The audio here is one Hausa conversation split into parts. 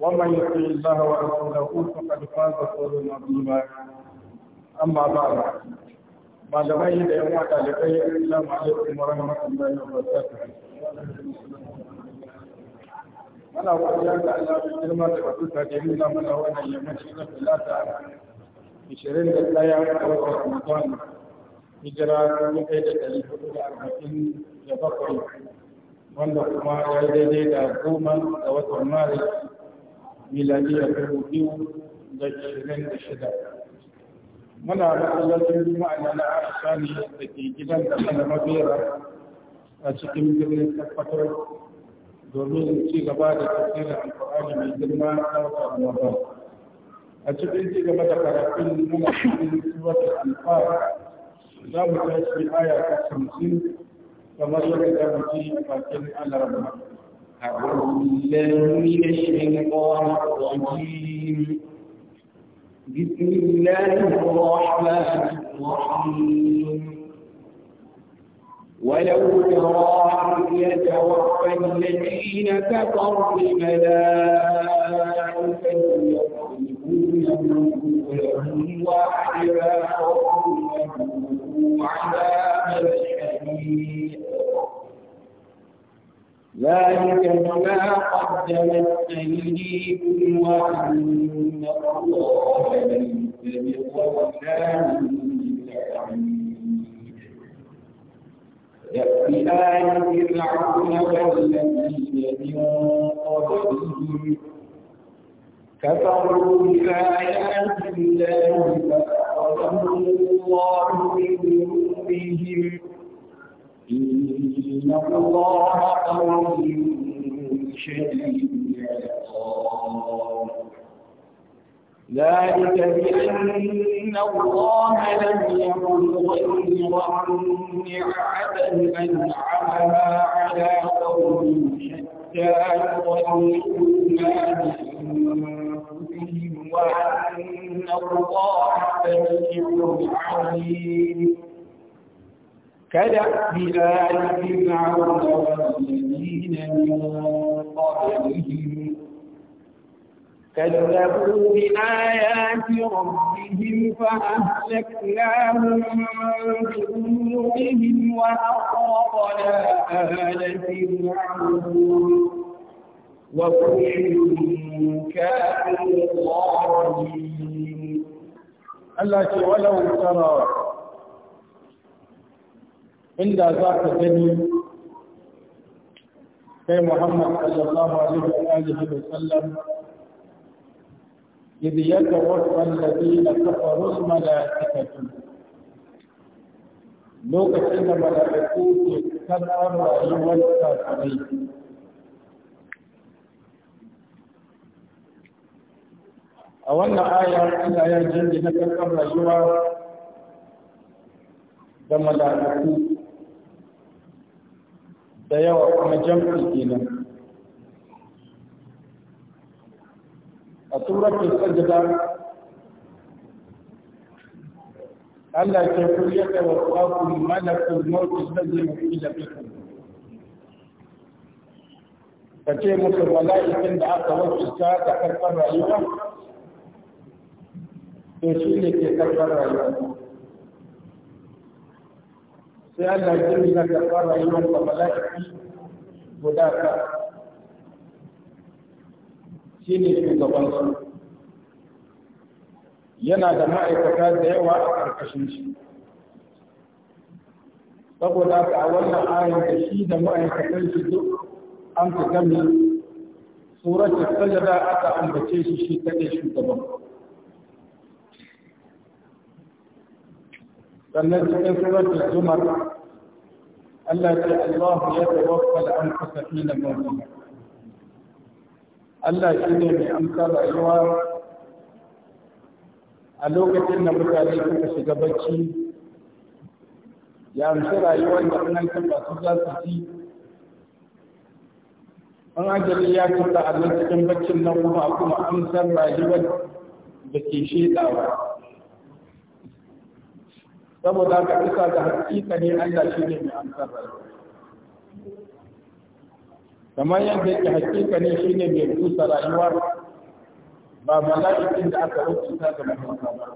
ومن يطع الله ورسوله فقد فاز فوزا عظيما اما بعد malamai da yan wata da kai assalamu alaikum wa rahmatullahi wa barakatuh ana godiya ga Allah da girma da kuka da nuna mana wannan yammaci na talata 21 ga watan Ramadan hijira ta kai da dari hudu da arba'in da bakwai wanda kuma ya daidai da goma da watan ميلاديه كوديو لشرين الشدا منا بقول لك ما انا لا احسن في جدا انا ما بيرا اشكي من جميع الفتره دولي في غباده تفسير القران من جمع الله أتبين في كما ذكر في من سورة الأنفال نام في آية 50 فمريم كانت في مكان على رمضان أعوذ بالله من الشيطان الرجيم بسم الله الرحمن الرحيم ولو ترى يتوفى الذين كفروا الملائكة يضربون وجوههم وأدبارهم وعذاب الحريق ذلك بما قدمت أيديكم وأن الله ليس بظلام يأتي آل فرعون والذين من قبلهم كفروا بآيات الله فأخذهم الله من ذنوبهم إن الله ذلك بأن الله لم يكن غير نعمة أنعمها على قوم حتى يغيروا وأن الله سميع عليم كدأب آل فرعون والذين من قبلهم كذبوا بآيات ربهم فأهلكناهم بذنوبهم وأغرقنا آل فرعون وكل كانوا ظالمين التي ولو ترى inda za ka gani sai muhammad sallallahu alaihi wa sallam إذ يتوفى الذين كفروا الملائكة lokacin da mala'iku ke sanar rayuwar kafirai a wannan aya Allah ya jingina karkar rayuwa da mala'iku da yawa kuma jam'in kenan a suratul sajda Allah ke kuriya da wasu malakul mawt alladhi yuqila Ka ce musu mala'ikan da aka wakilta da karɓar rayuwa to shi ne ke karɓar rayuwa sai Allah ya yi na karɓa rayuwar da mala'iki guda ka shi ne shugaban yana da ma'aikata da yawa a ƙarƙashin shi saboda ka a wannan ayin da shi da ma'aikatan shi duk an fi gami suratul sajada aka ambace shi shi kaɗai shugaban sannan cikin suratul zumar Allah ce Allah ya tawaffal an kusa hina mawti Allah shi ne mai amsa rayuwa a lokacin da mutane suka shiga bacci ya amsa rayuwar da nan kan su za su ci an ajali ya kusa a nan cikin baccin nan kuma a kuma amsar rayuwar da ke shaidawa. saboda ka isa ga hakika ne Allah shi ne mai amsar rayuwa kamar yadda yake hakika ne shi ne mai busa rayuwa ba mala'ikin da aka rubuta ga mahaifa ba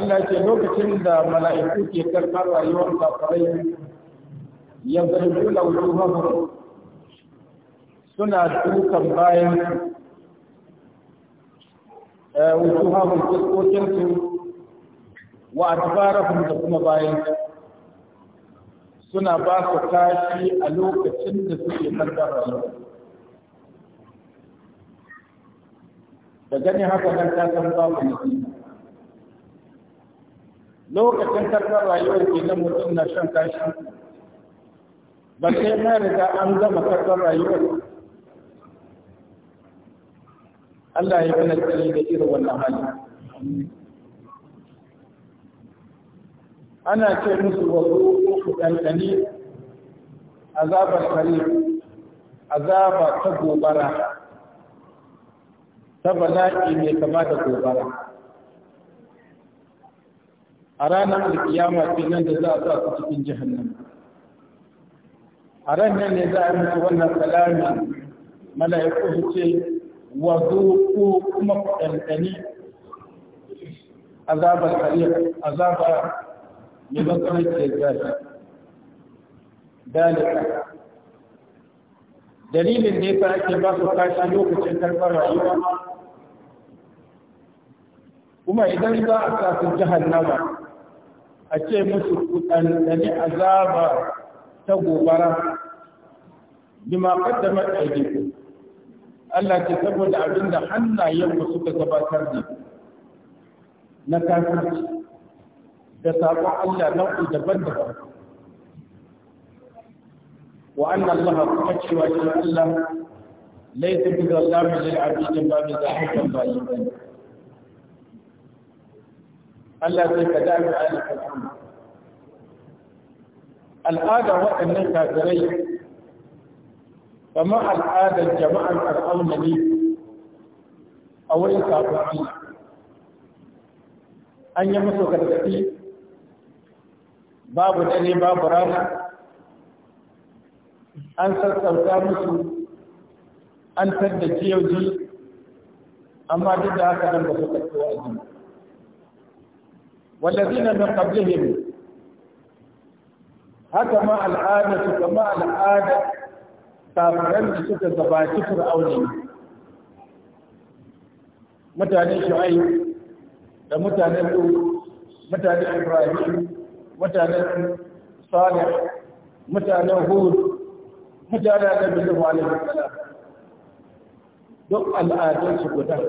Allah ce lokacin da mala'iku ke karɓar rayuwar kafirai yanzu da wujuhahum suna dukan bayan Eh, wujuhahum fuskokinsu wa atbarahum da kuma bayan suna ba su kashi a lokacin da suke karɓar rayuwa da gani haka nan ta san mu nasi lokacin karɓar yau ke nan mutum na shan kashi ba sai na riga an gama karɓar rayuwar Allah ya mana tsari da irin wannan hali ana ce musu wasu ku ɗanɗani azabar kare azaba ta gobara ta bala'i mai kama da gobara a ranar alkiyama nan da za a sa cikin jahannam a ranar ne za a yi musu wannan salami mala'iku su ce wa ko kuma ɗanɗani azabar kariya azaba mai makarantar zafi dalika dalilin ne ya ake ba su kashi lokacin karɓar rayuwa kuma idan za a sa su jahannama a ce musu kuɗanɗani azaba ta gobara bima kaddamar ɗaiɗaiku Allah ce saboda abin da hannayenmu suka gabatar ne na kafirci da sabon Allah nau'i daban-daban wa anna Allah kuma cewa shi Allah laisa bi zallamin lil abidin ba bi zahirin ba yi bane Allah sai ka dami alƙur'ani al'ada waɗannan kafirai kamar al'adar jama'ar al'amma ne a wurin kafin Allah an yi musu gargaɗi babu dare babu rana an sassauta musu an tattace yau ji amma duk da haka nan ba su karɓi wa'azi والذين من قبلهم هكما العادة كما al'adar. kafiran da suka gabaci fir'auni mutanen shu'ayi da mutanen lu mutanen ibrahim mutanen salih mutanen hud mutanen da bisu alaihi duk al'adun su guda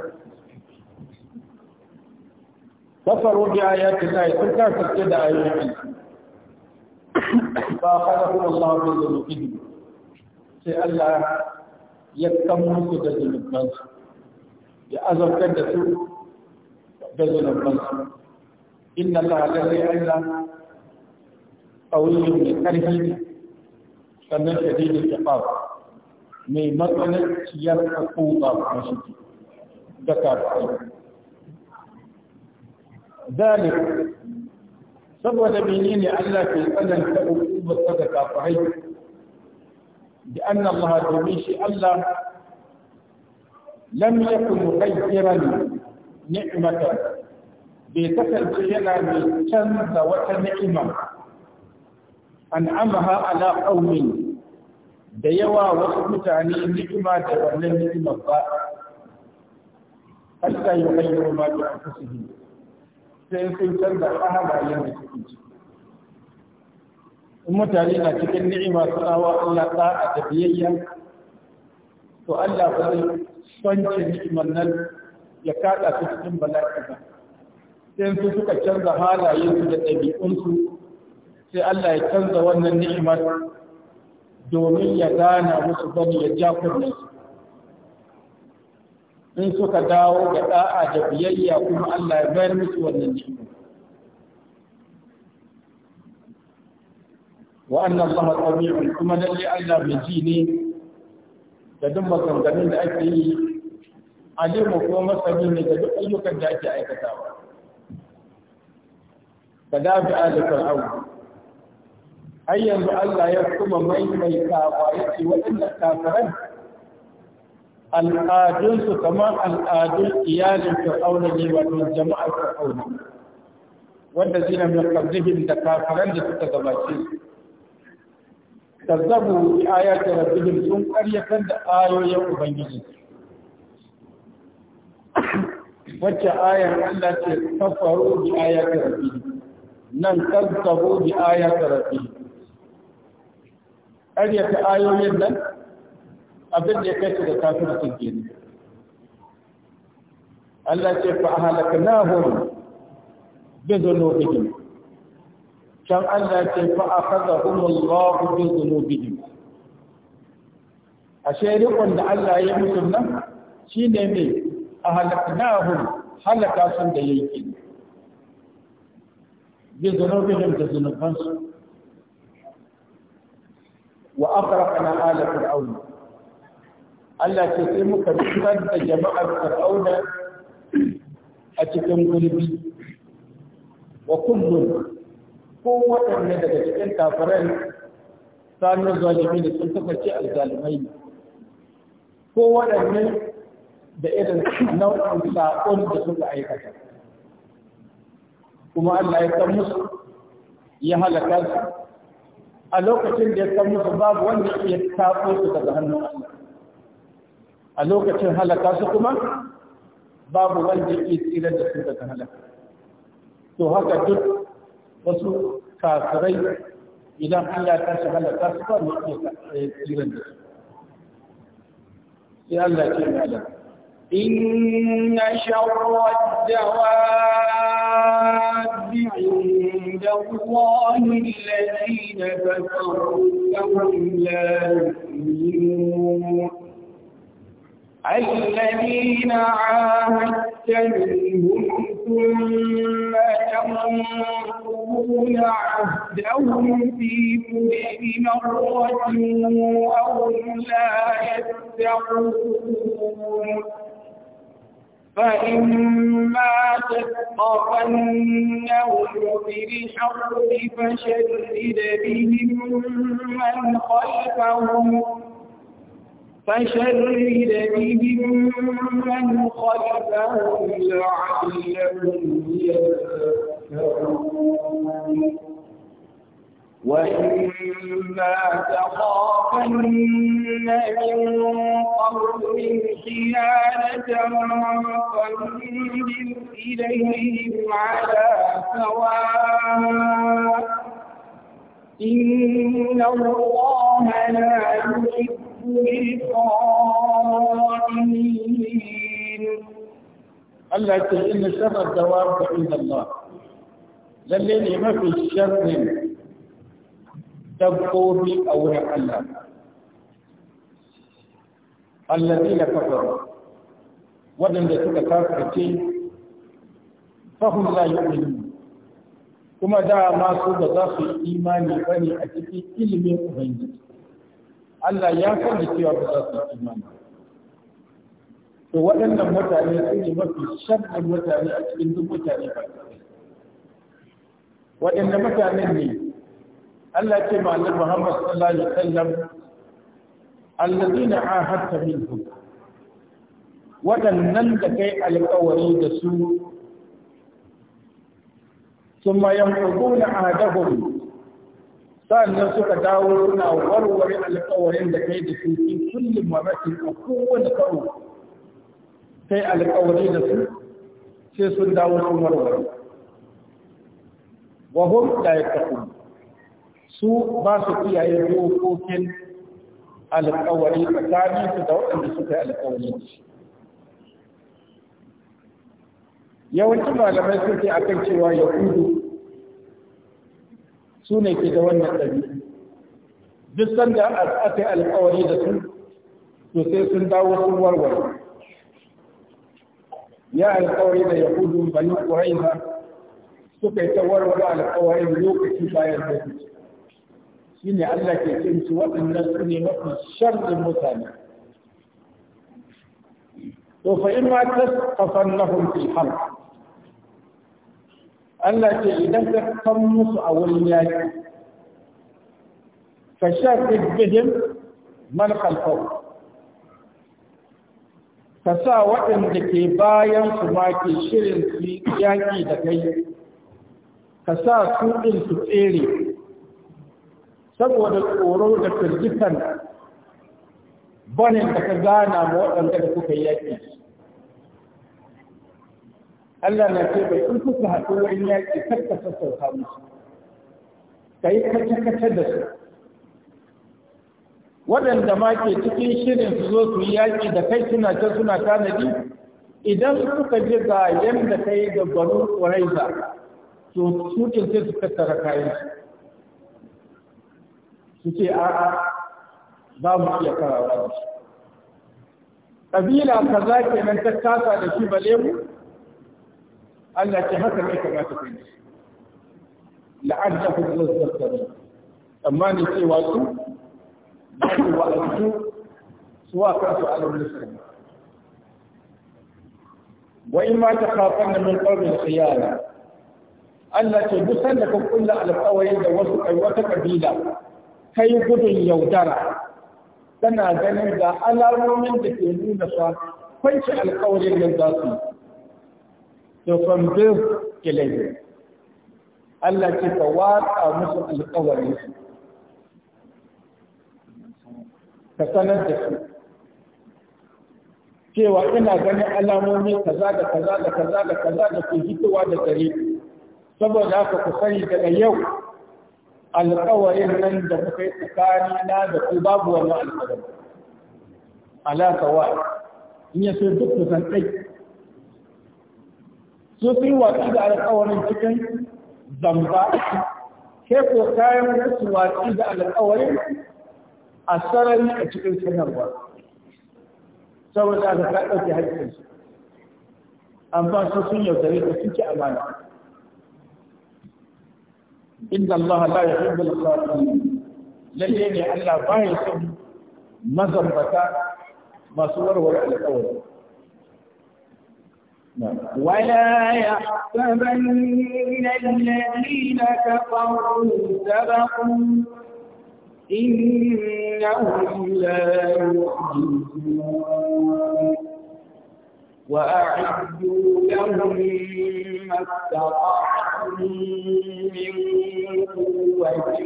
kafaru bi ayatin sai sun kasance da ayoyi ba kuma Allahu min dhulmin sai Allah ya kan musu da zunubansu ya azabtar da su da zunubansu inna Allah lalle Allah ƙauyin mai ƙarfi ne sannan shadidin jafaf mai matsananciyar haƙuƙa kuma shi da kafin ذلك saboda menene Allah ke tsananta hukumar ta da kafirai لأن الله تميش الله لم يكن مغيرا نعمة بيتكل yana mai canza wata ni'ima an'amaha ala qaumin da yawa wasu mutane ni'ima da wannan ni'ima ba hatta yughayyiru ma bi anfusihim sai sun canza halayen da suke ciki in mutane na cikin ni'ima su awa Allah da'a da biyayya to Allah ba zai sanke ni'imar nan ya kada su cikin bala'i ba sai su suka canza halayensu da ɗabi'unsu sai Allah ya canza wannan ni'imar domin ya gana musu bani ya ja kunne in suka dawo ga da'a da biyayya kuma Allah ya bayar musu wannan ni'imar wa'annan ba haɗa biyu kuma da allah mai ji ne da duk matsanganin da ake yi a jirma kuma matsani ne da duk ayyukan da ake aikatawa da dafi alifar abu ai yanzu allah ya kuma maimaita kwaye ce waɗanda kafiran al'adunsu kamar al'adun iyalin fir'auna ne wa don jama'ar fir'auna wanda zina mai karzihin da kafiran da suka gabace كذبوا بآيات ربهم سوء أريكا آية أبنجي وجه آية التي كفروا بآيات ربهم نن نعم، كذبوا بآيات ربهم أريكا آية يبنى أبدا يكسر كافرة الجنة الله يقول أهلكناهم بذنوبهم can Allah ce fa akhadhahum Allah bi dhunubihim ashe rikon da Allah ya mutum nan shi ne a halaknahum halaka sun da yake bi dhunubihim da zunubansu wa na ala Allah ce sai muka fitar da jama'ar fir'auna a cikin gulbi wa kullum ko waɗanne daga cikin kafiran da zalimi da sun tabbaci alzalimai ne ko waɗanne da irin nau'in saƙon da suka aikata kuma Allah ya san musu ya halaka su a lokacin da ya san musu babu wanda ya taso su daga hannun Allah a lokacin halaka su kuma babu wanda ya tsira da su daga halaka to haka duk wasu kafirai idan Allah ta shi halaka su ba mu iya tsirin da su sai Allah ce malam inna sharra dawabi inda Allahi alladhina kafaru la yu'minun الذين عاهدت منهم ثم تنقضون عهدهم في كل مرة أو لا يتقون فإما تثقفنهم في الحرب فشدد بهم من خلفهم فشرد بهم من خلفهم لعلهم يتقون وإما تخافن من قوم خيانة فانزل إليهم على سواء إن الله لا يحب الخائنين التي إن شر الدواب عند الله lalle ne mafi sharrin dabbobi a wurin Allah allazi la kafaru waɗanda suka kafirce fahum yi yu'minu kuma da ma su ba za su yi imani ne a cikin ilimin ubangiji Allah ya san da cewa ba za su yi imani to waɗannan mutane su ne mafi sharrin mutane a cikin duk mutane ba waɗanda mutanen ne Allah ce ma Allah Muhammad sallallahu alaihi wasallam allazina ahadta minhum waɗannan da kai alƙawari da su thumma yanquduna ahdahum sannan suka dawo suna warware alƙawarin da kai da su cikin kullum maratin a kowane karo kai alƙawari da su sai sun dawo sun warware wahum hum la yattaqun su ba su yin dokokin alƙawari tsakanin su da waɗanda suka yi alƙawari yawancin malamai sun ce akan cewa yahudu su ne ke da wannan ɗari. duk sanda aka yi alƙawari da su to sai sun dawo sun warware ya alƙawari da yahudu bani ƙuraiza suka yi tawarware alkawarin lokaci bayan lokaci shi ne Allah ke ce musu waɗannan su ne mafi sharrin mutane to fa in ma tasqafannahum fil harb Allah ce idan ka san musu a wurin yaki fa sharrid bihim man khalfahum ka sa waɗanda ke bayan su ma ke shirin su yaƙi da kai ka sa su ɗin su tsere saboda tsoro da firgitan banin da ka gana ma waɗanda da kuka yaƙi Allah na ce bai in kuka haɗu wurin yaƙi kakka sassauta musu ka yi kace-kace da su waɗanda ma ke cikin shirin su zo su yi yaƙi da kai suna can suna tanadi idan suka ji ga yadda ka yi da banu ƙwarai to su ce sai su tattara kayan su ce a'a za mu iya karawa da shi ƙabila ke nan ta kasa da shi bale mu Allah ce haka ne ka ta kai la'adda ku zai zartare amma ne cewa su ba su wa'azu su wa kansu alamun wa in ma ta kafan da min ƙaumin yara. Allah ce duk sanda ka kulla alƙawari da wasu wata kabila kai gudun yaudara tana ganin da alamomin da ke nuna fa kwanci alƙawarin nan za su to from this ilayhi Allah ce ka watsa musu alƙawarin su ka sanar da su cewa ina ganin alamomi kaza da kaza da kaza da kaza da ke hitowa da gare saboda haka ku sani daga yau alƙawarin nan da kuka yi tsakani na da ku babu wani alƙawari alaka wa in ya so duk kusan ɗai su fi watsi da alƙawarin cikin zamba sai ko kayan wasu watsi da alƙawarin a sarari a cikin sanarwa saboda haka ka ɗauke haƙƙinsu amma su sun yaudare ka suke amana إن الله لا يحب الخاطئين لكن على بعض مذهب بتاع مصور ولا أول نعم. ولا يحسبن الذين كفروا سبقوا إنهم لا يحجزون وأعدوا لهم ما استطعت من قوة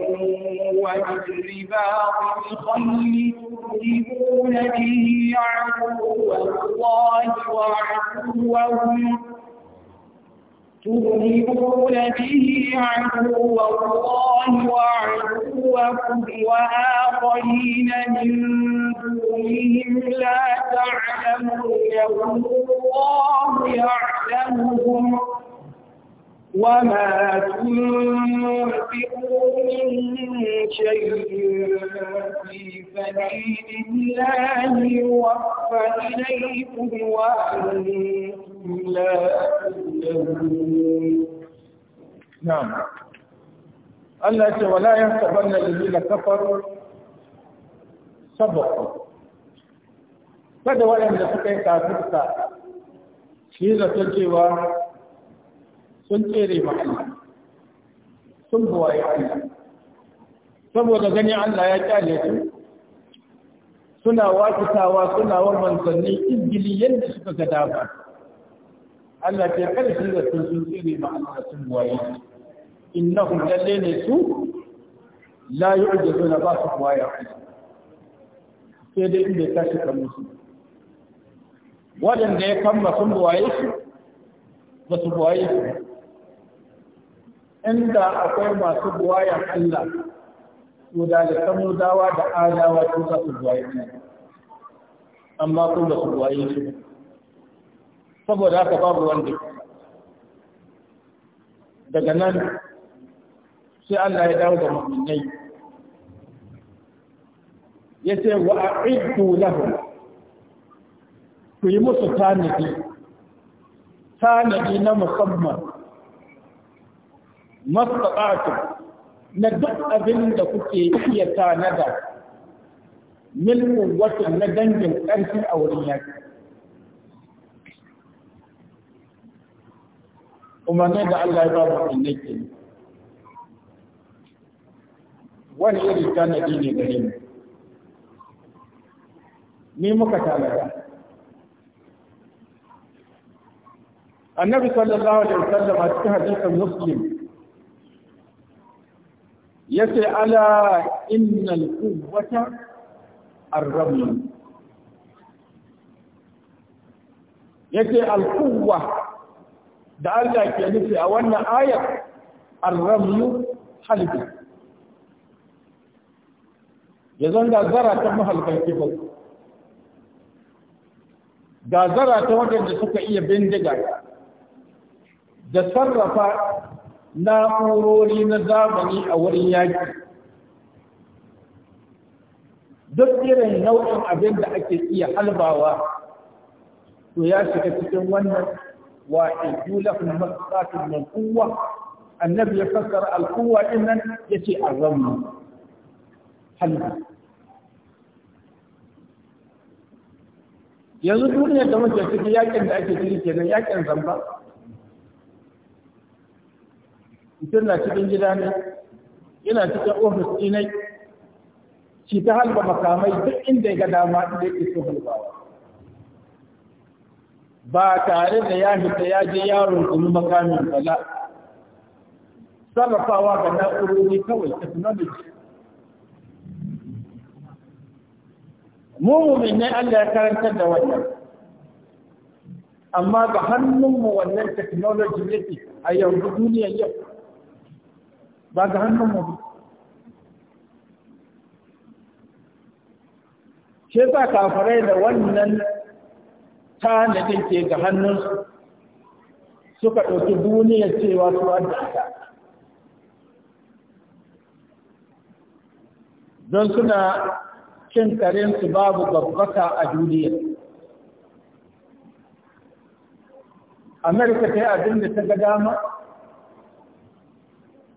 ومن رباط الخيل ترهبون به عدو الله وعدوكم وآخرين من دونهم لا تعلمونهم الله يعلمهم وما تنفقوا من شيء في سبيل الله يوفى إليكم وأنتم لا تظلمون نعم الله ولا يحسبن الذين كفروا سبقوا فدوا لهم suka yi شيء shi zaton sun tsere ma Allah sun buwaye Allah saboda ganin Allah ya kyale su suna wafitawa suna wa manzanni ingili yadda suka ga dama Allah ke karshe da sun sun tsere ma Allah sun buwaye innahum lalle ne su la yu'jizuna ba su buwaye sai dai inda ya tashi kan musu waɗanda ya kamba sun buwaye su ba su buwaye su inda akwai masu buwayan Allah guda da da samudawa da adawa su za su buwaya ne amma kun da su buwaye shi saboda haka babu wanda daga nan sai Allah ya dawo da mu'minai yace wa a'iddu lahum ku yi musu tanadi tanadi na musamman mastata'tum na duk abin da kuke iya tanada min kuwatin na dangin ƙarfi a wurin yaki umarnin da Allah ya ba mu annai ke wani irin tanadi ne gare mu ni muka tanada annabi sallallahu alaihi wasallam a cikin hadisin muslim ce ala innal quwwata ar-raml yace al-quwwa da Allah ke nufi a wannan ayar ar-raml halbi ya zanga zara ta mahalkan kifar Da zara ta wanda suka iya bindiga da sarrafa na'urori na zamani a wurin yaki duk irin nau'in abin da ake iya halbawa to ya shiga cikin wannan wa ijula kun masatun min quwwa annabi ya fassara nan ya ce a arramu halba yanzu duniyar da muke ciki yakin da ake ciki kenan yakin zamba mutum na cikin gida ne yana cikin ofis ɗinai shi ta halba makamai duk inda ya ga dama inda yake so halbawa ba tare da ya hita ya je yaron kuma makamin bala sarrafawa ga na'urori kawai technology mu ne Allah ya karantar da wannan amma ga hannunmu wannan technology yake a yanzu duniyar yau ba ga hannun mu shi sa kafarai da wannan tanadin ke ga hannunsu suka ɗauki duniyar cewa su wadda don suna cin karensu babu babbaka a duniya amerika ta yi abin da ta ga dama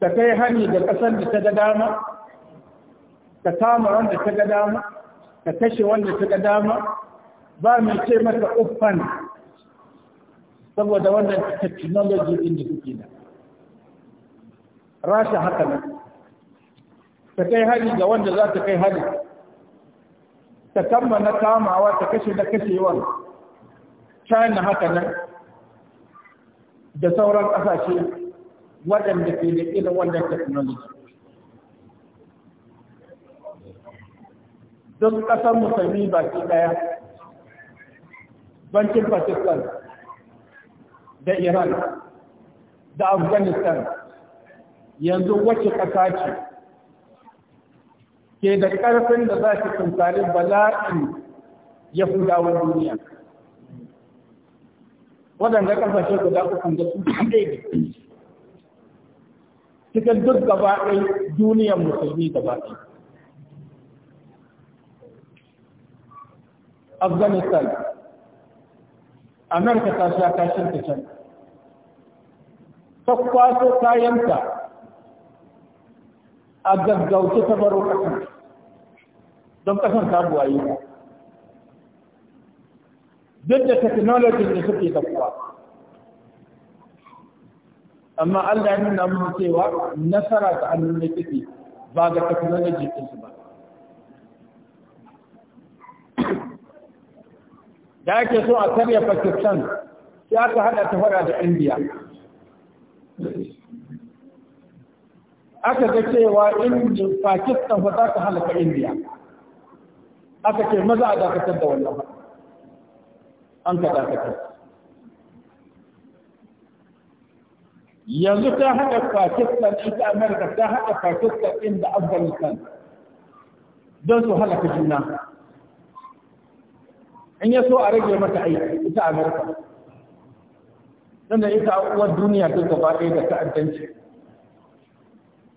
ta kai hani da kasar da ta ga dama ta kama wanda ta ga dama ta kashe wanda ta ga dama ba mai ce maka uffan saboda wannan technology din da kuke da rasha haka nan ta kai hari ga wanda za ta kai hari ta kama na kamawa ta kashe na kashewa, china haka nan da sauran ƙasashe waɗanda ke da irin wannan technology don ƙasar musulmi baki ɗaya bankin pakistan da iran da afghanistan yanzu wacce ƙasa ce ke da ƙarfin da za su ya bala'in yahudawan duniya waɗanda ƙasashe guda uku da su kaɗai cikin duk gaba ɗai duniyar musulmi gaba ɗai afghanistan amurka ta sha kashin ta can ta kwaso kayanta a gaggauce ta baro ƙasar don ƙasar ta buwaye duk da technology da suke da kuwa amma Allah ya nuna mun cewa nasara ta hannun ne take ba ga technology din su ba da ake so a karya Pakistan sai aka hada ta fara da India aka ga cewa India Pakistan ba za ta halaka India aka ce maza a dakatar da wannan an ka dakatar yanzu ta haɗa pakistan ita amerika ta haɗa pakistan inda afghanistan don su halaka juna in ya so a rage mata aiki ita amerika sannan ita uwar duniya ta gaba ɗaya da ta'addanci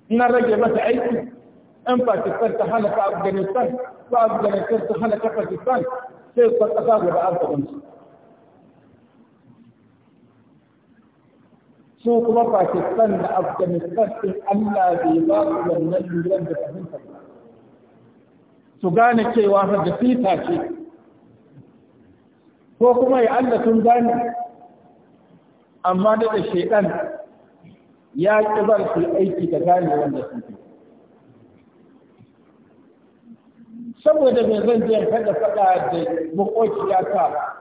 ina rage mata aiki in pakistan ta halaka afghanistan ko afghanistan ta halaka pakistan sai ta ƙasa guda arzikinsu su kuma Pakistan da Afghanistan ɗin Allah bai ba su wannan lura da fahimtar ba. Su gane cewa har da fita ce, ko kuma ya Allah sun gane, amma da da ya ƙi bar su aiki da gane wanda su fi. Saboda mai zan je kada faɗa da ya ta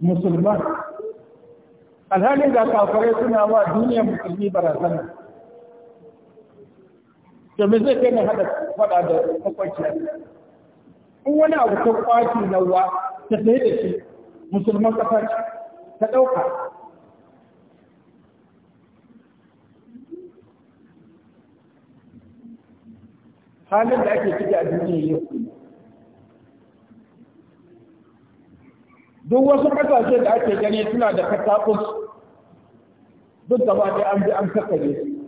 musulman alhalin ga kafare suna wa duniyar musulmi barazana domin zai kai hada fada da makwaciyar in wani abu ta kwaci na ta sai da shi musulman ƙasar ta ɗauka halin da ake ciki a duniya yau duk wasu ƙasashe da ake gani suna da katakus duk gaba dai an bi an kakare su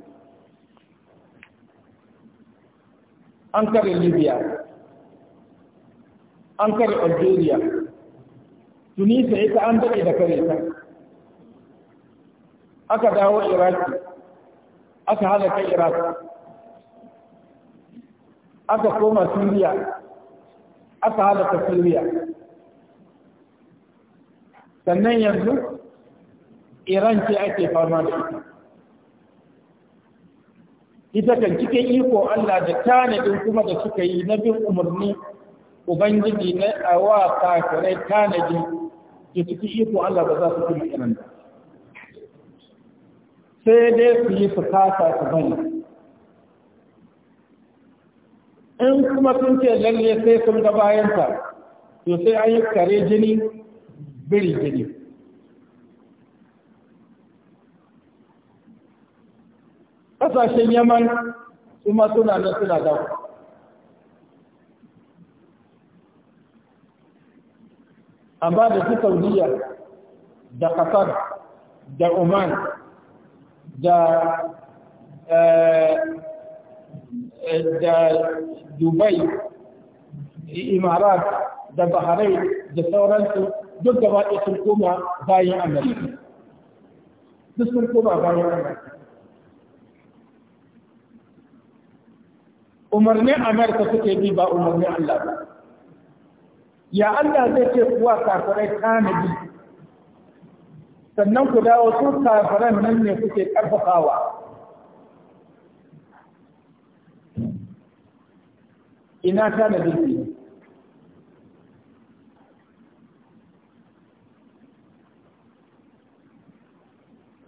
an kare libya an kare algeria tunisa ita an daɗe da kare ta aka dawo iraki aka hada kai iraki aka koma Syria, aka hada ta Syria. sannan yanzu iran ce ake fama da ita ita kan cikin iko Allah da tanadin kuma da suka yi na bin umarni ubangiji na a wa kafirai tanadi da suke iko Allah ba za su kuma iran da sai dai su yi su kasa su bane in kuma sun ce lalle sai sun ga bayanta to sai an yi kare jini biri-biri ƙasashen yaman kuma suna nan suna dawo amma da su saudiya da ƙasar da oman da da dubai imarat da bahrain da sauransu duk gaba ɗaya sun koma bayan annabi duk sun koma bayan annabi umarnin amerika suke bi ba umarnin allah ba ya allah zai ce kuwa kafirai tanadi sannan ku dawo su kafirai nan ne suke karfafawa ina tanadin ne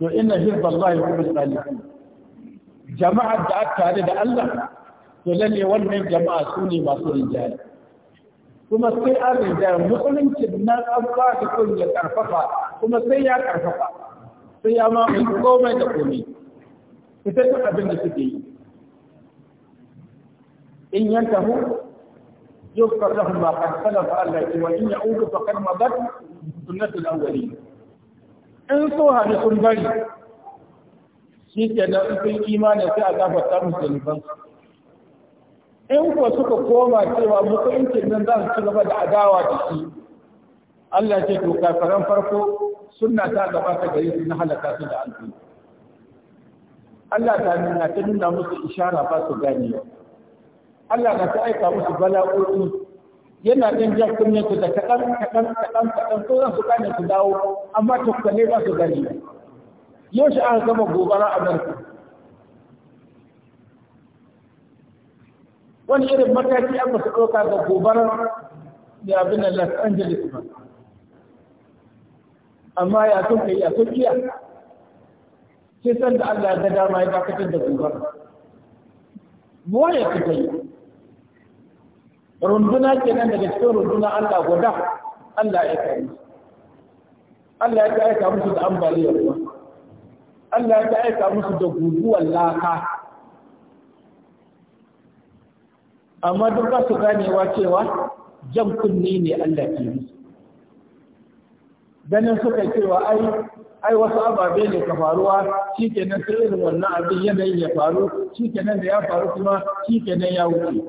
وإن حفظ الله هو الغالب جماعة دعاك هذا الله ولن يولن جماعة سوني ما سوني جاي كما سي آمن جاي مؤمن كبنا الله تقول لك أرفقا كما سي يارك أرفقا سي أمامي قومة تقومي فتتقى بالنسبي إن ينتهوا يغفر لهم ما قد خلف الله وإن يعودوا فقد مضت سنة الأولين in so hannu sun bari shi ke nan in sun imanin sai a gafarta musu zunuban in kuwa suka koma cewa musulunci nan za su ci gaba da adawa da shi Allah ce to kafaran farko sunna ta gaba ta gari su na halaka su da alfi Allah ta nuna ta nuna musu ishara ba su gane, Allah na ta aika musu bala'o'i yana ɗan ja kunnen ku da kaɗan kaɗan kaɗan kaɗan ko za su gane su dawo amma tukkanai ba su gani yau shi aka gama gobara a barka wani irin mataki an su ɗauka ga gobara da abin da Los Angeles ba amma ya sun kai ya sun kiya sai san da Allah ya ga dama ya dakatar da gobara mu ya fita yi runduna kenan daga cikin runduna Allah guda Allah ya kai Allah ya aika musu da ambaliyar ruwa Allah ya aika musu da guguwar laka amma duk ba su ganewa cewa jan kunne ne Allah ke musu ganin suka cewa ai ai wasu ababe ne ka faruwa shi kenan sai irin wannan abin yanayin ya faru shi kenan da ya faru kuma shi kenan ya wuce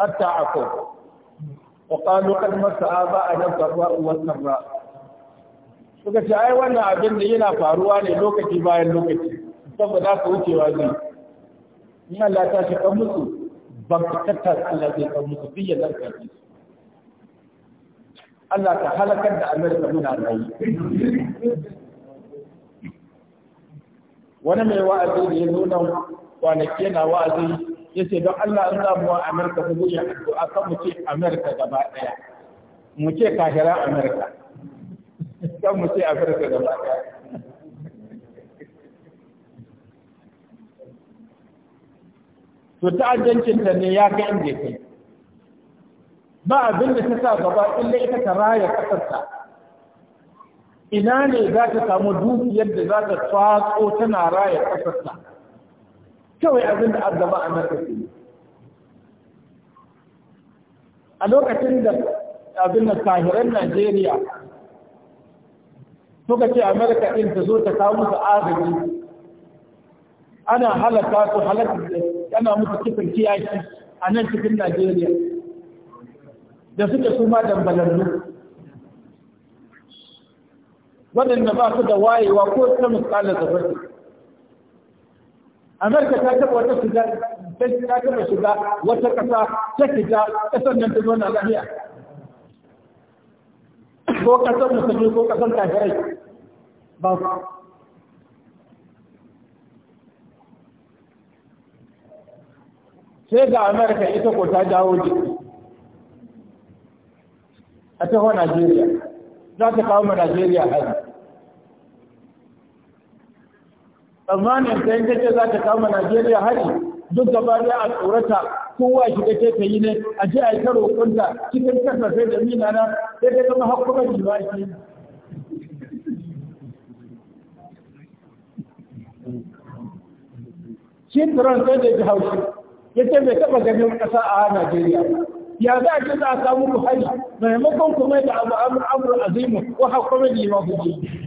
hatta akau wa qalu qad masa aba'ana sarra'u wa sarra'u suka ce ai wannan abin da yana faruwa ne lokaci bayan lokaci saboda ka wucewa zai in Allah ta shi kan musu ban kattar Allah zai kan musu biyan nan ka ji Allah ka halakar da Amerika muna rayu wani mai wa'azi da ya nuna kwanaki yana wa'azi ya ce don Allah an mu wa Amerika ta goya addu'a kan mu ce Amerika gaba ɗaya mu ce kahira Amerika kan mu ce Amerika gaba ɗaya to ta'addancin ta ne ya ga inda kai ba abin da ta sa gaba illa ita ta raya kasarta ina ne za ta samu dukiyar da za ta tsatso tana raya ƙasarta kawai abin da zama a maka a lokacin da abin da kahiran najeriya suka ce amurka ɗin ta zo ta kawo musu agaji ana halaka su da yana musu kifin kiyashi a nan cikin najeriya da suke su ma dambalallu waɗanda ba su da wayewa ko ta musamman da Amerika ta taɓa wata shiga ta taɓa shiga wata ƙasa ta shiga ƙasar nan ta zona lafiya. Ko ƙasar musulmi ko ƙasar kafirai ba ku. Sai ga Amerika ita ko ta dawo jiki a taho Najeriya za ta kawo ma Najeriya hari. tsammanin ta yanka ce za ta kama Najeriya hari duk gaba da a tsorata kowa shi da ta yi ne a ji a yi ta roƙonta cikin kasashe da mina na sai ta zama hakkuran jima'i shi turan sai da ji haushi ya ce bai taɓa ganin ƙasa a Najeriya ya za a ce za a samu buhari maimakon kuma da abu amur azimu ko hakkuran jima'i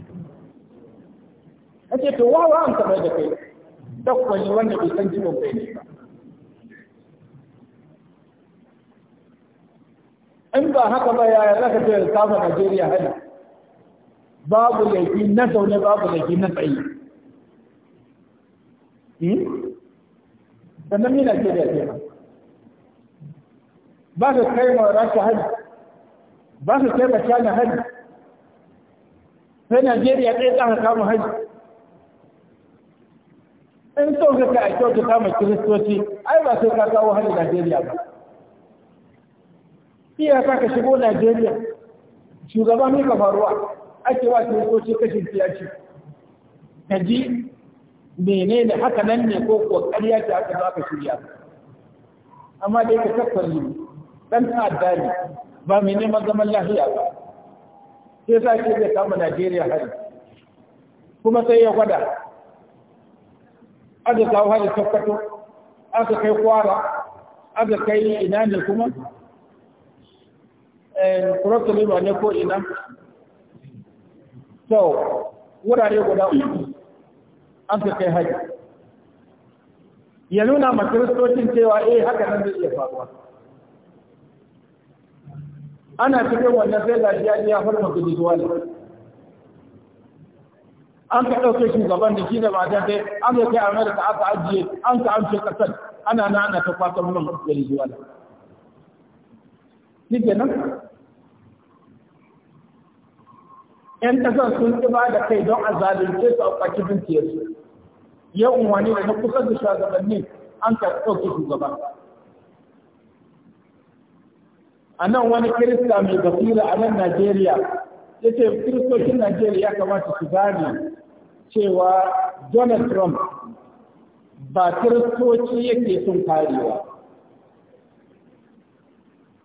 a ce to wawa an kamar da kai dakwai wanda bai san ciwon kai ne ba in ba haka ba yaya za ka ce da kama najeriya hali babu laifi na zaune babu laifi na tsaye sannan ni najeriya ce ba ba ka kai ma rasha hali ba ka kai ma shana hali sai najeriya ɗaya za ka kama hali in so ka a ta mai kiristoci ai ba sai ka kawo hannun najeriya ba Iyasa ka shigo najeriya shugaba mai ka faruwa ake wa kiristoci kashin fiyaci ka ji menene haka nan ne ko kuwa ƙarya ce aka zo aka shirya amma dai ka yi dan ta'adda ne ba mai neman zaman lafiya ba sai sa ke zai kama najeriya hari kuma sai ya gwada aka kawo hari tabbato aka kai kwara aka kai ina ne kuma kurokta ne ba ne ko ina so wurare guda uku an ka kai hari ya nuna ma kiristocin cewa eh haka nan zai iya faruwa ana cikin wannan sai lafiya ya farma gudu zuwa ne an ka ɗauke shugaban da shi ne ba ta an ka kai amerika aka ajiye an ka amshe ƙasar ana na ana ta kwata mun gari zuwa da shi nan Ƴan ƙasar sun ƙi ba da kai don a zalunce su a cikin dukiyarsu yau wani da na kusa da shugabanni an ka ɗauke shugaban a nan wani kirista mai basira a nan najeriya ya ce kiristocin najeriya ya kamata su gane cewa Donald Trump ba kiristoci yake sun karewa,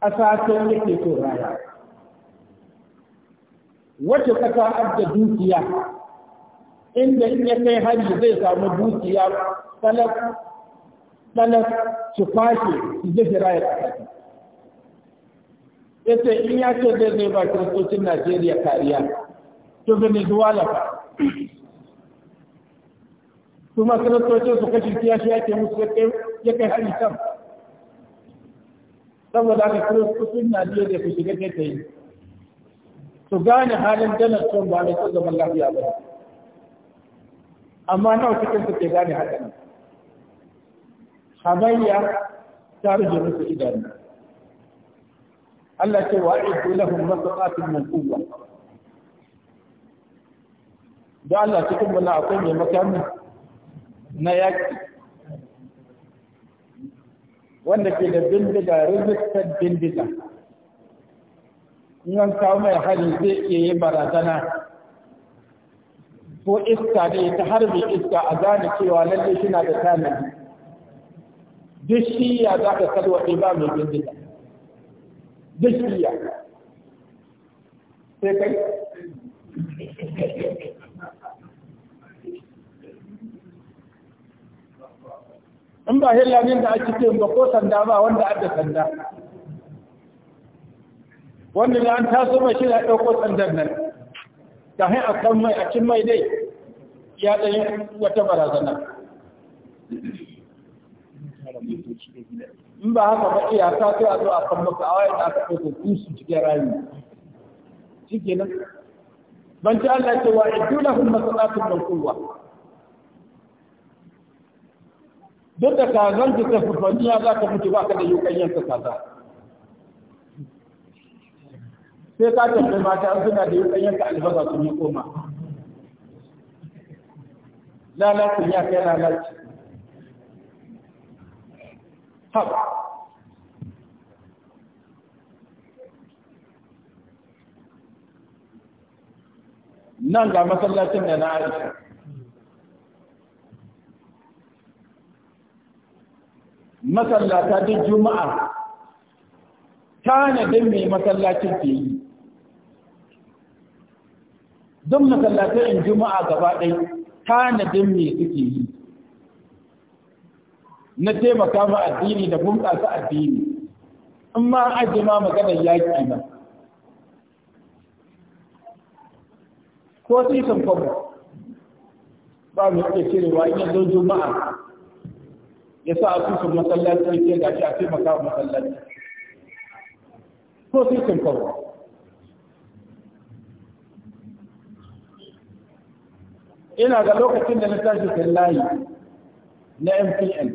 ƙasashen yake so raya. Wace ƙasa adda dukiya, inda in ya kai hari zai samu dukiya talas ɗalas su kwashe su je raya ƙasashe. Ya ce in ya ce zai zai ba kiristocin Najeriya kariya, to Venezuela ba? su ma kiristocin su kashe kiyashi ake musu ya kai hari can saboda haka kiristocin na jiya da ku shiga ta yi su gane halin janar son ba mai son zaman lafiya ba amma nawa cikin su ke gane haka ne hamayya ta rage musu idanu Allah ce wa aiki lahum masaqatin min quwwa da Allah cikin mun akwai mai makami na yaki wanda ke da bindiga rijistar bindiga in an kawo mai hari zai iya yin barazana ko iska ne ta harbi iska a gane cewa lalle shi na da tanadi duk shiya za ka kalwa ba mai bindiga duk shiya sai kai in ba hillamin da ake ce ba ko sanda ba wanda adda sanda wanda da an taso mai shi da ɗauko sandar nan ta hin a kan mai a cin mai dai ya ɗaya wata barazana in ba haka ba iya ta sai a zo a kan maka a da aka ɗauko su cikin rami shi kenan ban ci Allah ce wa iddu lahum masalatun min quwwa duk da kazan ta ta fufaniya za ka mutu ba ka da yukan ta kaza sai ka tafi mata an suna da yukan yanka Alibaba sun yi koma lalata ya kai lalata haba nan ga masallacin da na aisha masallata duk juma'a tanadin mai masallacin ke yi don in juma'a gaba ɗai tanadin mai suke yi na taimaka ma addini da bunƙasa addini in ma ajima maganar yaƙi ba ko titin kwamfa ba mu iya cirewa in yanzu juma'a ya sa asusun masallaci ke da shi a taimaka wa masallaci ko sai sun kawo ina ga lokacin da na tashi kan layi na mpn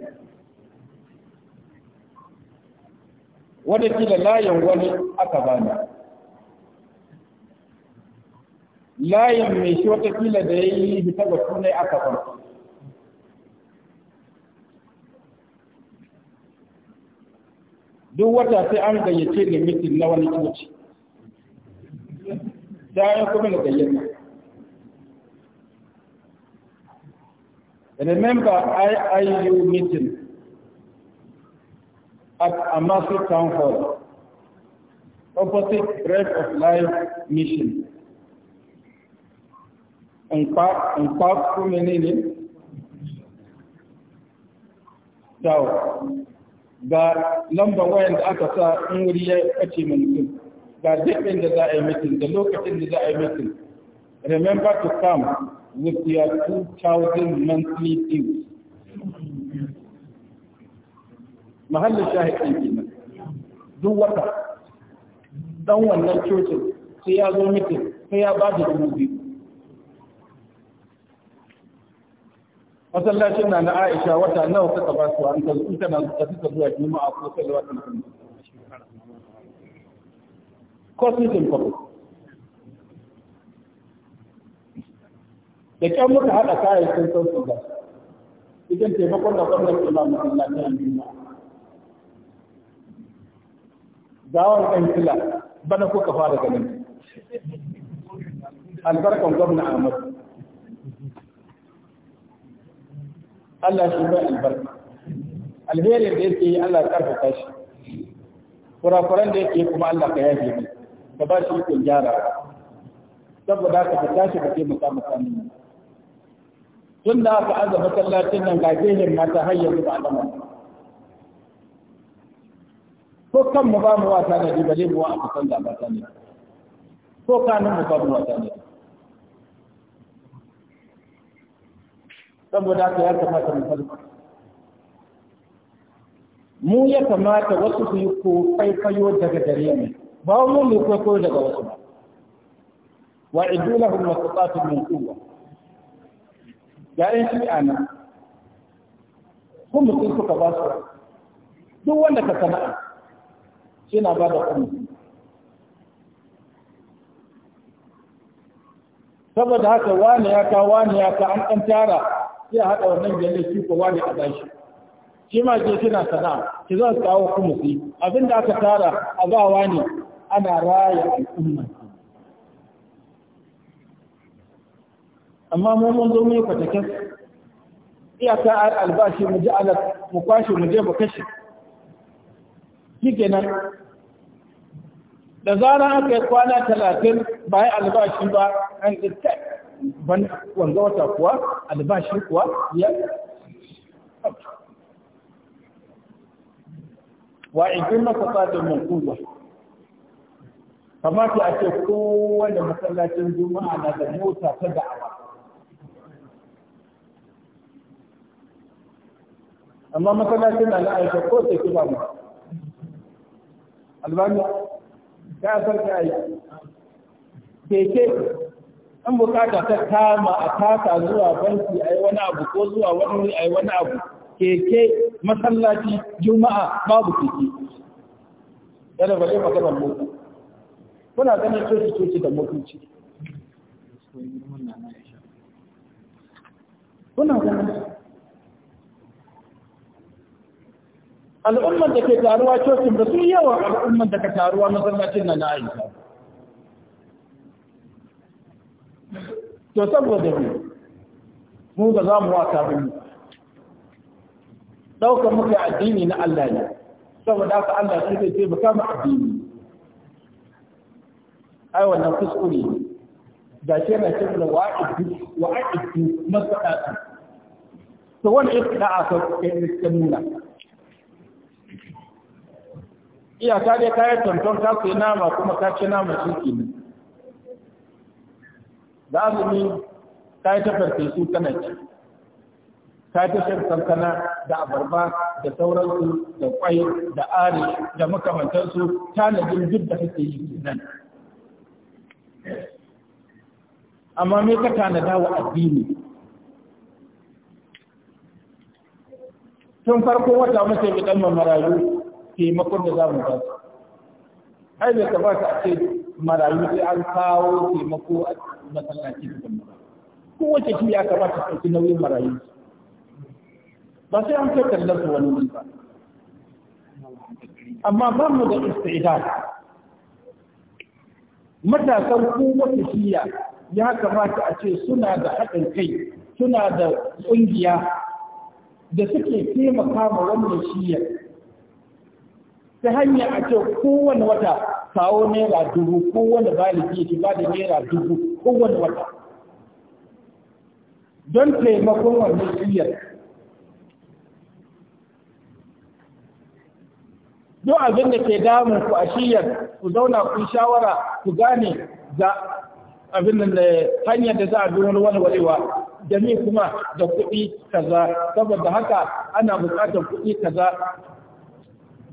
wadda kila layin wani aka bani layin mai shi wata kila da ya yi ta ga tunai aka farko duk wata sai an gayyace ni mitin na wani coci da ya kuma na gayyata remember IIU meeting at Amasu Town Hall, opposite Bread of Life Mission. In part, in part, so, ga lambar wayan da aka sa in wuri ya kace ma mutum ga dukkan da za a yi meeting da lokacin da za a yi meeting remember to come with your 2000 monthly dues mahallin shahidin kenan duk wata dan wannan cocin sai ya zo meeting sai ya ba da dubu biyu masallacin na na Aisha wata nawa kaka ba su an kalli ta nan ta fita zuwa juma'a ko sallawa ta nan ko sun sun ko da kyan muka haɗa kayan sun san su ba idan taimakon da gwamnati ba masallacin juma'a gawar ɗan fila bana kuka fara ganin albarkan gwamna Ahmad Allah shi ba albarka alherin da yake yi Allah karfafa shi kurakuran da yake kuma Allah ka yafe mai ka ba shi ikon gyara saboda ka ta shi ka taimaka mutane tun da aka aza masallacin nan ga gehen mata har yanzu ba alama ko kan mu ba mu wata ne ba mu wa a kusan da ne ko kanin mu ba mu wata ne saboda haka ya kamata mu farka mu ya kamata wasu su yi ko kwaikwayo daga gare mu ba mu mu kwaikwayo daga wasu ba wa idulahum masaqatun min quwwa ya yin shi ana kuma mutum suka ba su duk wanda ka sana'a shi na ba da kuma saboda haka wani ya ka wani ya ka an ɗan tara sai a haɗa wannan gyalle su ko wani a gashi. shi ma je kina sana'a ki zan kawo kumusi abin da aka tara a ba wani ana raya al'umma amma mu mun zo mu yi fatakas iyaka albashi mu ji alat mu kwashe mu je mu kashe shi kenan da zarar aka yi kwana talatin ba yi albashi ba an ita. ban wanga wata kuwa albashi kuwa ya wa idin na fasadin mun kuwa kamata a ce kowane masallacin juma'a na da mota ta da'awa amma masallacin na aisha ko sai kiba mu albani ta sarka aiki keke an bukata ta kama a kasa zuwa banki a yi wani abu ko zuwa wani a yi wani abu keke masallaci juma'a babu keke yana ba maganar magana mota kuna ganin coci coci da motoci kuna ganin al'ummar da ke taruwa cocin da su yawan al'ummar da ka taruwa masallacin na na to saboda mu mu ba za mu wata mu daukar muka addini na Allah ne saboda haka Allah shi zai ce baka mu addini ai wannan kuskure da ke na cikin da wa'idu wa'idu to wani ibda a ka kai nuna ta dai kayan tantan ta sai nama kuma ka ci nama shi kenan da azumi ta yi ta farfesu tana ta ta shan kankana da abarba da sauransu da kwai da ari da makamantansu jin duk da kake yi nan amma me ka tanada wa addini tun farko wata mace mai dan marayu taimakon da za mu ba su ai bai kamata a ce marayu sai an kawo taimako a masallaci da kuma kowace shi ya kamata ta ɗauki nauyin marayu ba sai an kai kallon su wani ba amma ba mu da idan matasan kowace shiya ya kamata a ce suna da haɗin kai suna da ƙungiya da suke taimaka ma wannan shiyar ta hanyar a ce kowane wata kawo naira dubu kowane baliki da ke ba da naira dubu kowane wata don taimakon wannan siyar Don abin da ke damun ku a shiyar, ku zauna ku shawara ku gane za abin da eh, hanyar da za a wani walwalewa da ne kuma da kuɗi kaza saboda haka ana buƙatar kuɗi kaza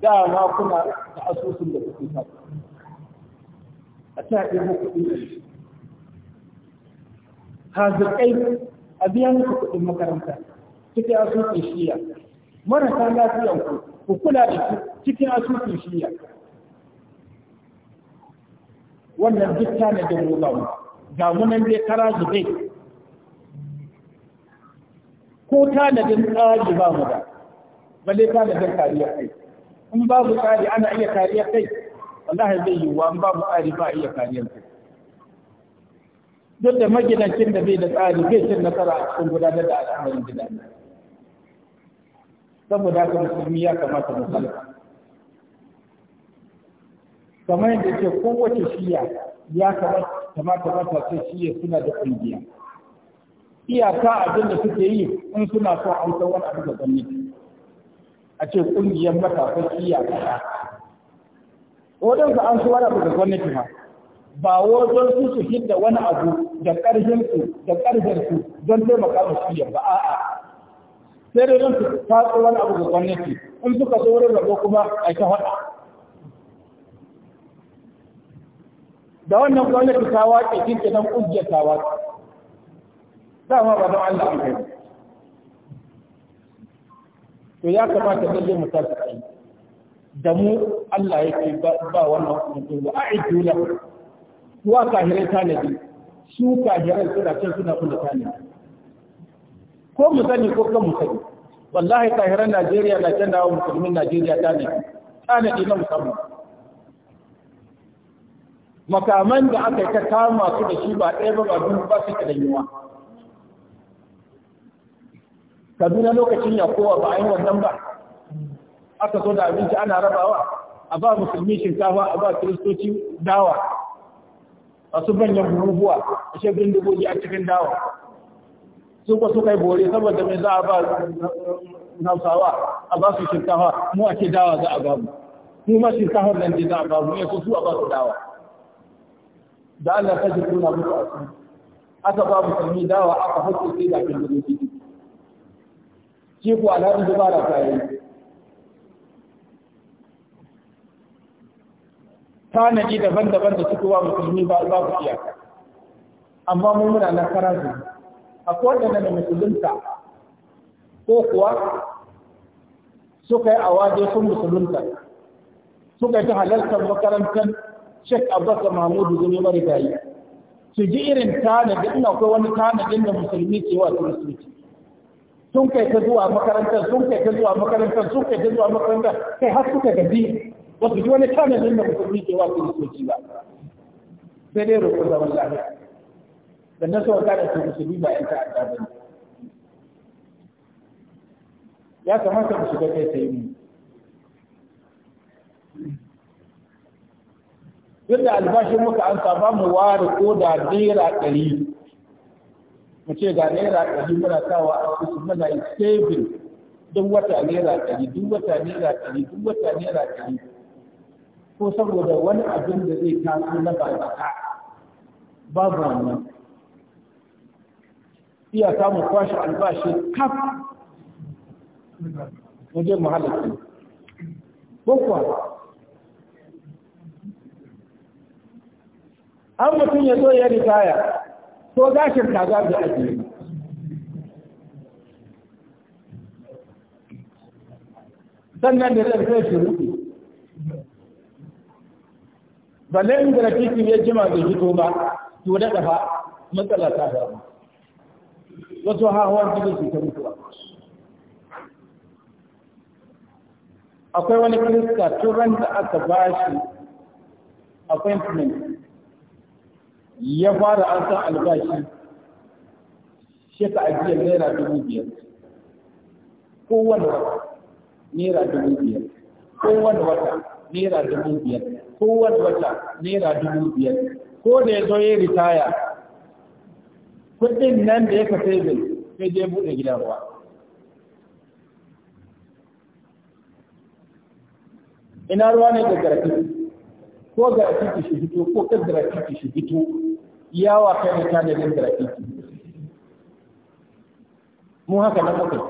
dama kuna da asusun da kuɗi kaza a ta ɗebo kuɗi hazirkai a biya muku kuɗin makaranta cikin asusun shiya marasa lafiyan ku ku kula da su cikin asusun shiya wannan duk tana da mu, ga munan dai kara zube ko tanadin tsari ba mu da balle tanadin kariya kai in babu tsari ana iya kariya kai wallahi zai yi wa ba mu tsari ba iya kariyar ku. duk da magidancin da bai da tsari zai cin nasara a cikin gudanar da al'amarin gida saboda haka musulmi ya kamata mu salka kamar yadda ce kowace shiya ya kamata matasa shiya suna da ƙungiya iyaka abin da suke yi in suna son an san wani abu da gwamnati a ce ƙungiyar matasan shiya kaza waɗansu an su wani abu da gwamnati ma ba wajen su su hidda wani abu da ƙarfinsu da ƙarfinsu don taimaka musu shirya ba a'a sai dai don su tatsi wani abu da gwamnati in suka so wurin rabo kuma a ta faɗa da wannan gwamnati ta waƙe kinke nan ƙungiyar ta waƙe dama ba don Allah an kai to ya kamata zai mu tafi da mu Allah yake ba wannan umarni na a'iddu lahu wa kahirai tanadi su kahirai suna can suna kula tanadi ko mu sani ko kan mu sani wallahi tahiran Najeriya na canza wa musulmin Najeriya ta ne tanadi na musamman makaman da aka ta kama su da shi ba ɗaya ba ba biyu ba su da yiwa Kaduna lokacin ya kowa ba a yi wannan ba aka so da abinci ana rabawa a ba musulmi shinkafa a ba kiristoci dawa su banyan burubuwa a shagin duboji a cikin dawa su kwa su kai bore saboda mai za a ba nausawa, a ba su shinkafa mu a ce dawa za a ba mu mu ma shinkafar nan ne za a ba mu ya eh, su a ba su dawa da Allah ta ji kuna musu a sun aka ba musulmi dawa aka hakki sai da abin duboji shi ko alhaji ta yi tanadi daban-daban da suka wa musulmi ba za su iya amma mu muna na karazu akwai waɗanda musulunta ko kuwa suka yi awaje sun musulunta suka yi ta halartar makarantar Sheikh Abbas Mahmudu Zuni Marigayi su ji irin tanadi ina akwai wani tanadin da musulmi ce wa musulunci sun kai ta zuwa makarantar sun kai ta zuwa makarantar sun kai ta zuwa makarantar kai har suka gaji wasu ji wani tanadin da musulmi ke wa kiristoci ba sai dai roƙo wani lafiya da na sauwa da su musulmi ba yan ta'adda ba ya kamata mu shiga kai sai mu duk da albashin muka an saba mu ware ko da naira ɗari mu ce ga naira ɗari muna sawa a asusu muna yi saving duk wata naira ɗari duk wata naira ɗari duk wata naira ɗari ko saboda wani abin da zai taso na bazaka babu wannan iya samun kwashe albashi kaf waje mahalarci ko an mutum ya zo ya ritaya, ko gashin kaza da ajiye sannan da zai zai shi rufe balle in da rafikin ya jima da hito ba to da kafa matsala ta faru wasu hawan jini su ta mutuwa akwai wani kirista turan da aka ba shi appointment ya fara an san albashi shi ka ajiyar naira dubu biyar kowane wata naira dubu biyar kowane wata naira dubu biyar ko wata naira dubu biyar ko da ya zo ya ritaya kudin nan da ya ka saving sai je buɗe gidan ruwa ina ruwa ne ga garafi ko garafi ki shi fito ko ka garafi ki shi fito yawa kai ne tanadin garafi mu haka na kuka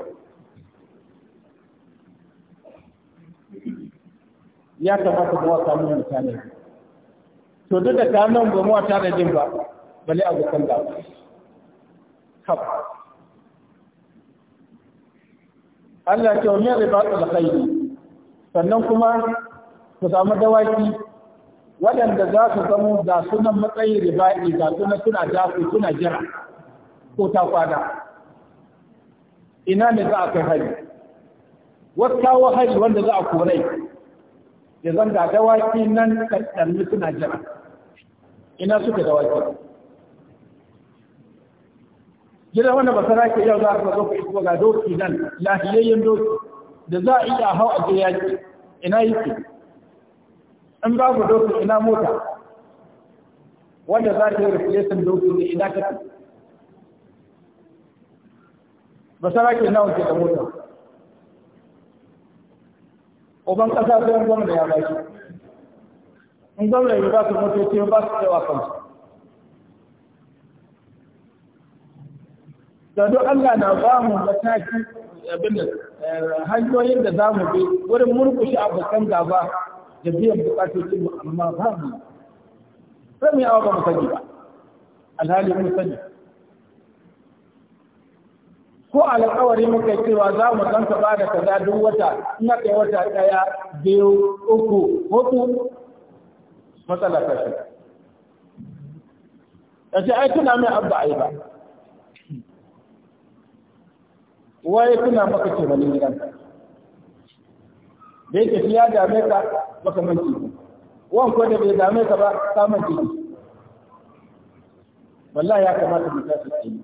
ya kamata kuma samu mutane to duk da ta nan ba mu da jin ba bale abokan da kaf Allah ta wani riba da khairi sannan kuma ku samu dawaki waɗanda za su samu da sunan matsayin riba'i ga sunan suna dafi suna jira ko ta kwada. ina ne za a kai hari wasu kawo hali wanda za a kore. ya zan dawaki nan ɗanni suna jira ina suka dawaki gidan wanda ba sara ke yau za ka zo ka iso ga doki nan lahiyayyen doki da za a iya hau a je yaki ina yake in babu doki ina mota wanda za ta yi replacing doki ne ina kake ba sara ke nawa ke da mota Oban ƙasa sai yan gwamna ya bashi, in gwamna ya ba su motoci ba su cewa kansu da duk Allah na ba mu mataki abin da eh, hanyoyin da za mu bi wurin murkushe abokan gaba da biyan bukatocinmu amma ba mu sai mu yi awa ba mu sani ba alhali mun sani ko alƙawari muka cewa za mu san ba bada kaza duk wata ina kai wata ɗaya biyu uku hudu matsala ta shi ya ce ai tuna mai abba ai ba waye tuna maka ce wani gidan bai yake fiya ya dame ka baka manci wan ko da bai dame ka ba ka manci wallahi ya kamata mu tafi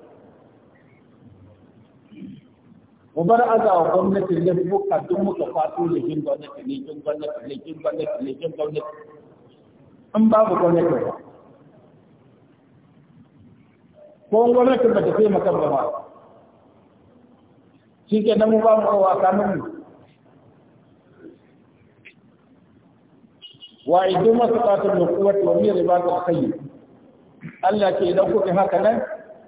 mu bar aza gwamnati ne muka duk muka fato jin gwamnati jin gwamnati jin gwamnati jin gwamnati ba babu gwamnati ba ko gwamnati ba ta maka ba ba shi ke nan mu ba mu wa kanun mu wa idu masu ƙasar da kuwa tuwa mai riba ta kai Allah ke idan kuka haka nan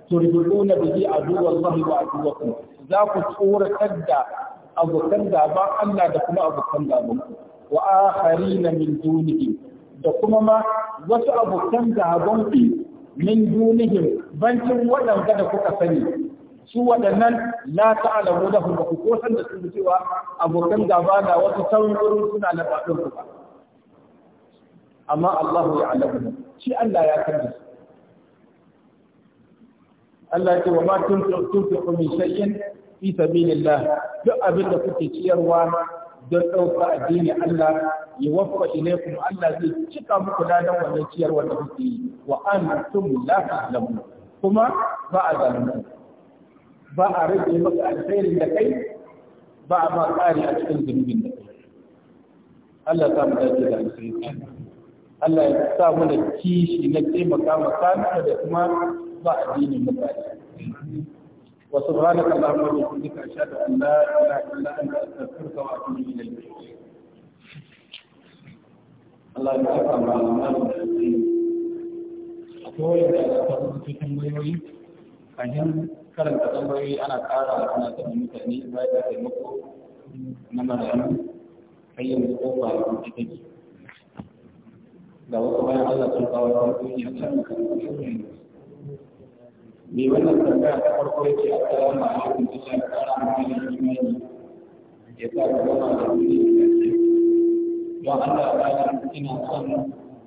turbiquna bihi aduwallahi wa aduwakum za ku tsoratar da abokan gaban Allah da kuma abokan gaban wa akharina min dunihi da kuma ma wasu abokan gaban ku min dunihim bancin waɗanda da kuka sani su waɗannan la ta'alamu da ba ku ko san da su cewa abokan gaba da wasu sauran suna na faɗin ku ba amma Allah ya alamu shi Allah ya san Allah ya ce wa ma tunfiqu min shay'in fi sabilillah duk abin da kuke ciyarwa don ɗauka addini Allah ya wafa ilaikum Allah zai cika muku ladan wannan ciyarwa da kuke yi wa antum la ta'lamun kuma ba a zalunta ba a rage maka alkhairin da kai ba a ma ƙari a cikin zunubin da kai Allah ta mu dace da alkhairi Allah ya sa mu da kishi na taimaka maka da kuma اصلاح دين المبادئ وسبحانك اللهم وبحمدك اشهد ان لا اله الا انت استغفرك واتوب اليك اللهم ارفع معلومات المسلمين اقول لك اقول لك اقول لك اقول لك اقول لك انا كارا انا كارا انا كارا انا كارا انا كارا انا كارا انا كارا انا كارا انا كارا da wasu bayan Allah sun kawo da wasu yankan da suke yi mai wannan tambaya ta farko ya ce assalamu alaikum Allah ya kara mana ne ya sa ka gama da wuri da ke don Allah ya kara ina son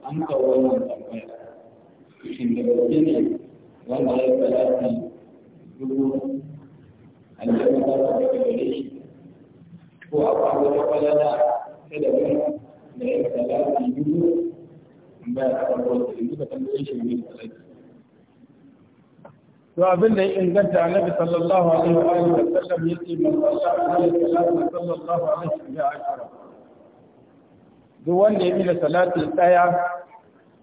an ka wannan tambaya shin da gaske ne wanda ya salati dubu aljanna za ta gare shi ko akwai ta falala ta daban da ya salati dubu ba ta farko da yanzu ka tambaye shi ta salati to abin da ya inganta annabi sallallahu alaihi wa alihi wa sallam yace man sallallahu alaihi wa sallallahu alaihi wa ashara duk wanda ya bi da salati daya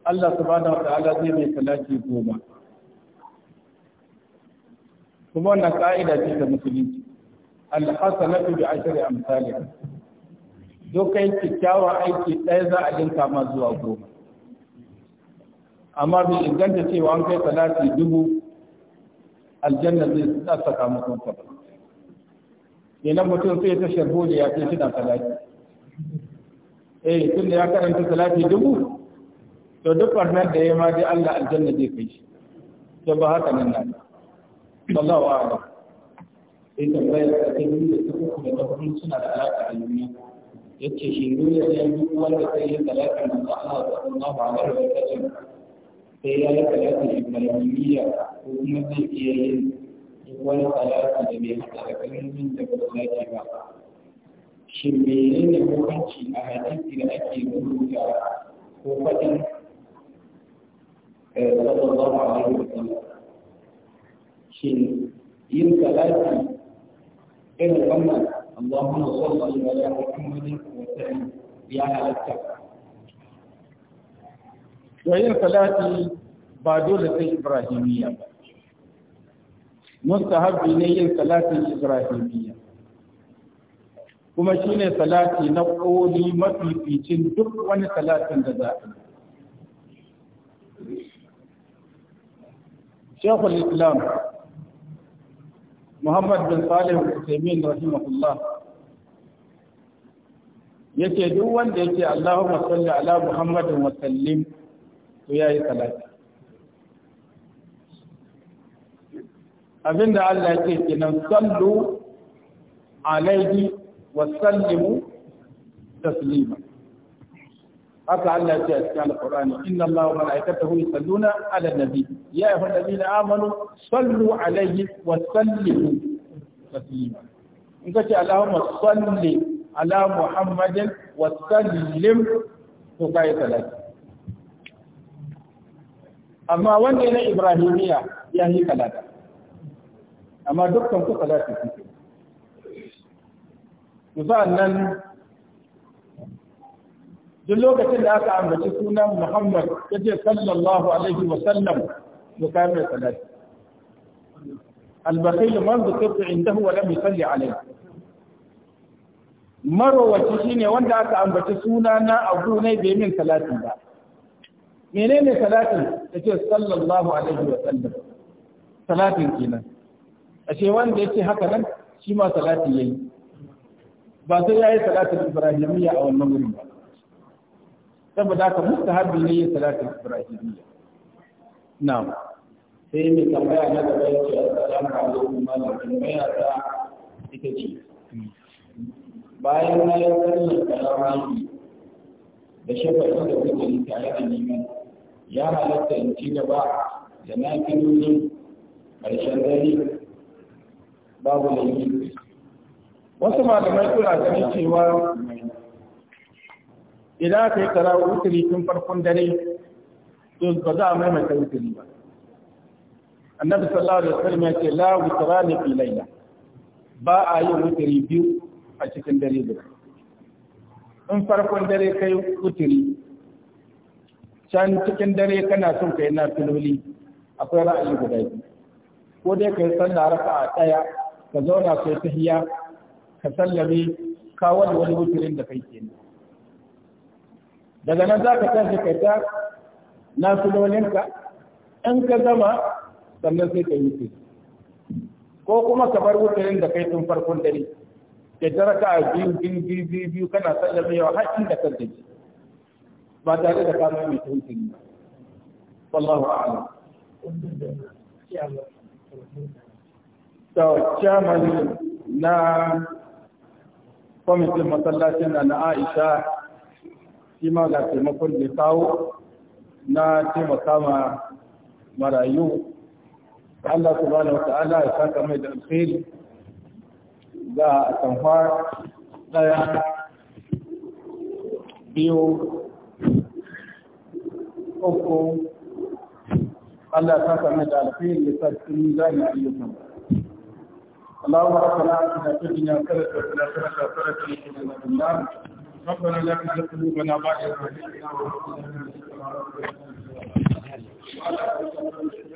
Allah subhanahu wa ta'ala zai mai salati goma kuma wannan ka'ida ce ta musulunci alhasanatu bi ashri amsalih duk kai kikkiawan aiki ɗaya za a dinka ma zuwa goma amma bai inganta cewa an kai salati dubu aljanna zai tsasa ba. ne na mutum sai ta sharholi ya kai shida talaki eh tun da ya karanta talaki dubu to duk wannan da ya ma dai Allah aljanna zai kai shi to ba haka nan na sallahu a'lam sai tambayar da ta yi da ta kuma da kuma suna da alaƙa da juna yace shi ne ya yi wanda sai ya talati manzo Allah sallallahu alaihi wa sallam sai ya yi da ibrahimiyya ko kuma zai iya yin wani salati da bai haɗa da kalmomin da ba dace ba shin ne hukunci a hadisi da ake rubuta ko faɗin eh, sallallahu alaihi wa sallam shin yin salati irin wannan Allahumma salli ala Muhammadin wa sallim ya halatta to yin salati ba dole sai ibrahimiyya ba mustahabbi ne yin talatin ibrahimiyya kuma shine salati na koli mafificin duk wani salatin da za a yi shekul islam muhammad bin salih al-usaimin rahimahullah yace duk wanda yake allahumma salli ala muhammadin wa sallim to ya yi salati abinda Allah ke kenan sallu alaihi wa sallimu taslima haka Allah ya ce a cikin alqur'ani inna Allaha wa malaikatahu yusalluna ala nabi ya ayyuhal ladina amanu sallu alaihi wa sallimu taslima in kace Allahumma salli ala Muhammadin wa sallim to kai salati amma wanda na ibrahimiya ya yi kalata amma dukkan ku kalata Su ku nan duk lokacin da aka ambaci sunan muhammad ya ce sallallahu alaihi wa sallam mu kame salati البخيل من ذكرت عنده ولم يصلي عليه marowaci ne wanda aka ambaci suna na abu ne bai min talatin ba menene salatin yace sallallahu alaihi wa sallam salatin kenan ashe wanda yake haka nan shi ma salati yayi ba sai yayi salatin ibrahimiyya a wannan wurin ba saboda haka mustahabi ne yin salatin ibrahimiyya na'am sai mai tambaya na gaba yake assalamu alaikum malamin mai ta ita ce bayan na yi sallar da shafa'i da yi tare da neman ya halatta in ci gaba da na nuni ƙarshen gari babu yi wasu malamai suna ganin cewa idan ka yi tarawa wuturi tun farkon dare to ba za a maimaita wuturi ba annabi sallallahu alaihi wasallam ya ce la wutara ne fi laila ba a yi wuturi biyu a cikin dare da in farkon dare kai wuturi can cikin dare kana son yi na filoli akwai ra'ayi guda biyu ko dai ka yi sallah a ɗaya ka zauna kai tahiya ka sallame ka wani wani wuturin da kai kenan daga nan za ka tashi ka ta na filolinka in ka zama sannan sai ka yi ko kuma ka bar wuturin da kai tun farkon dare ka jaraka a biyu biyu biyu biyu kana sallamewa har inda kan gaji ba tare da kama mai tuntun ba wallahu a'lam to chairman na kwamitin masallacin na Aisha shi ma ga taimakon da kawo na taimaka ma marayu Allah subhanahu wa ta'ala ya saka mai da alkhairi ga tamfa daya biyu uku Allah ya saka da alfihin lissafi ne za na da da da